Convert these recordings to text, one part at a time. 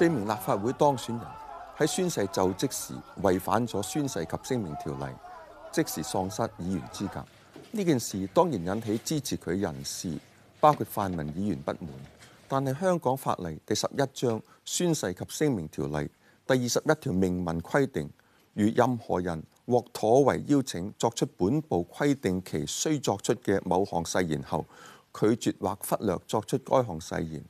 四名立法會當選人喺宣誓就職時違反咗宣誓及聲明條例，即時喪失議員資格。呢件事當然引起支持佢人士，包括泛民議員不滿。但係香港法例第十一章《宣誓及聲明條例》第二十一條明文規定，如任何人獲妥為邀請作出本部規定其須作出嘅某項誓言後，拒絕或忽略作出該項誓言，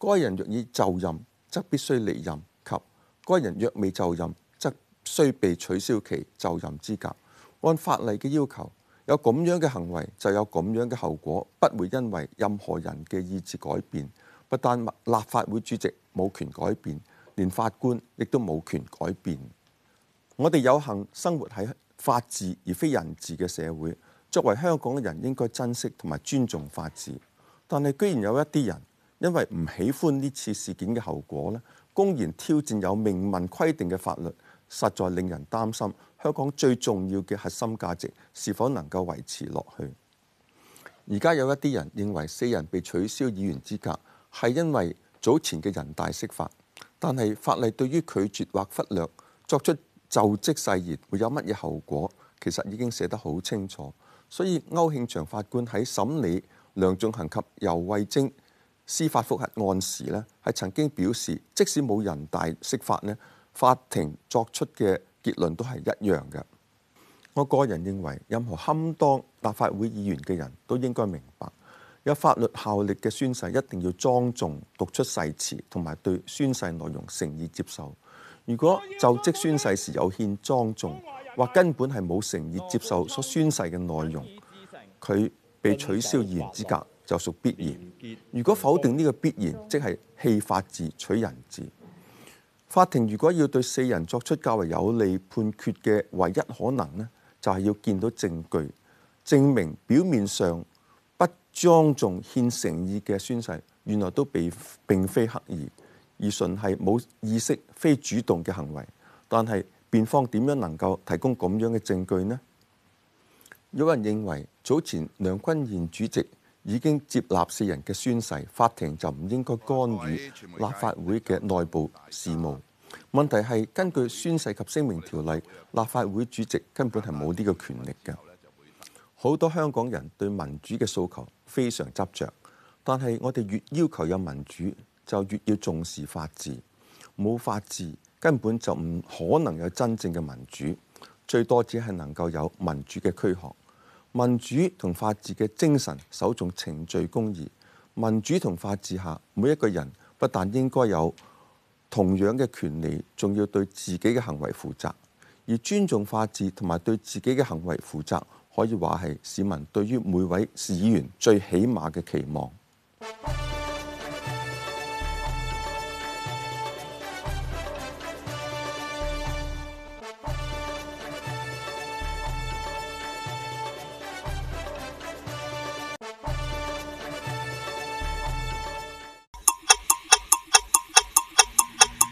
該人若已就任。則必須離任，及該人若未就任，則需被取消其就任資格。按法例嘅要求，有咁樣嘅行為，就有咁樣嘅後果，不會因為任何人嘅意志改變。不但立法會主席冇權改變，連法官亦都冇權改變。我哋有幸生活喺法治而非人治嘅社會，作為香港嘅人，應該珍惜同埋尊重法治。但係居然有一啲人。因為唔喜歡呢次事件嘅後果咧，公然挑戰有明文規定嘅法律，實在令人擔心香港最重要嘅核心價值是否能夠維持落去。而家有一啲人認為四人被取消議員資格係因為早前嘅人大釋法，但係法例對於拒絕或忽略作出就職誓言會有乜嘢後果，其實已經寫得好清楚。所以歐慶祥法官喺審理梁仲恒及尤慧晶司法覆核案時咧，係曾經表示，即使冇人大釋法咧，法庭作出嘅結論都係一樣嘅。我個人認為，任何堪當立法會議員嘅人都應該明白，有法律效力嘅宣誓一定要莊重讀出誓詞，同埋對宣誓內容誠意接受。如果就職宣誓時有欠莊重，或根本係冇誠意接受所宣誓嘅內容，佢被取消議員資格就屬必然。如果否定呢個必然，即係棄法治取人治。法庭如果要對四人作出較為有利判決嘅唯一可能呢，就係、是、要見到證據證明表面上不莊重、欠誠意嘅宣誓，原來都被並非刻意而純係冇意識、非主動嘅行為。但係辯方點樣能夠提供咁樣嘅證據呢？有人認為早前梁君彥主席。已經接納四人嘅宣誓，法庭就唔應該干預立法會嘅內部事務。問題係根據宣誓及聲明條例，立法會主席根本係冇呢個權力嘅。好多香港人對民主嘅訴求非常執着，但係我哋越要求有民主，就越要重視法治。冇法治根本就唔可能有真正嘅民主，最多只係能夠有民主嘅軀殼。民主同法治嘅精神，首重程序公義。民主同法治下，每一個人不但應該有同樣嘅權利，仲要對自己嘅行為負責。而尊重法治同埋對自己嘅行為負責，可以話係市民對於每位市議員最起碼嘅期望。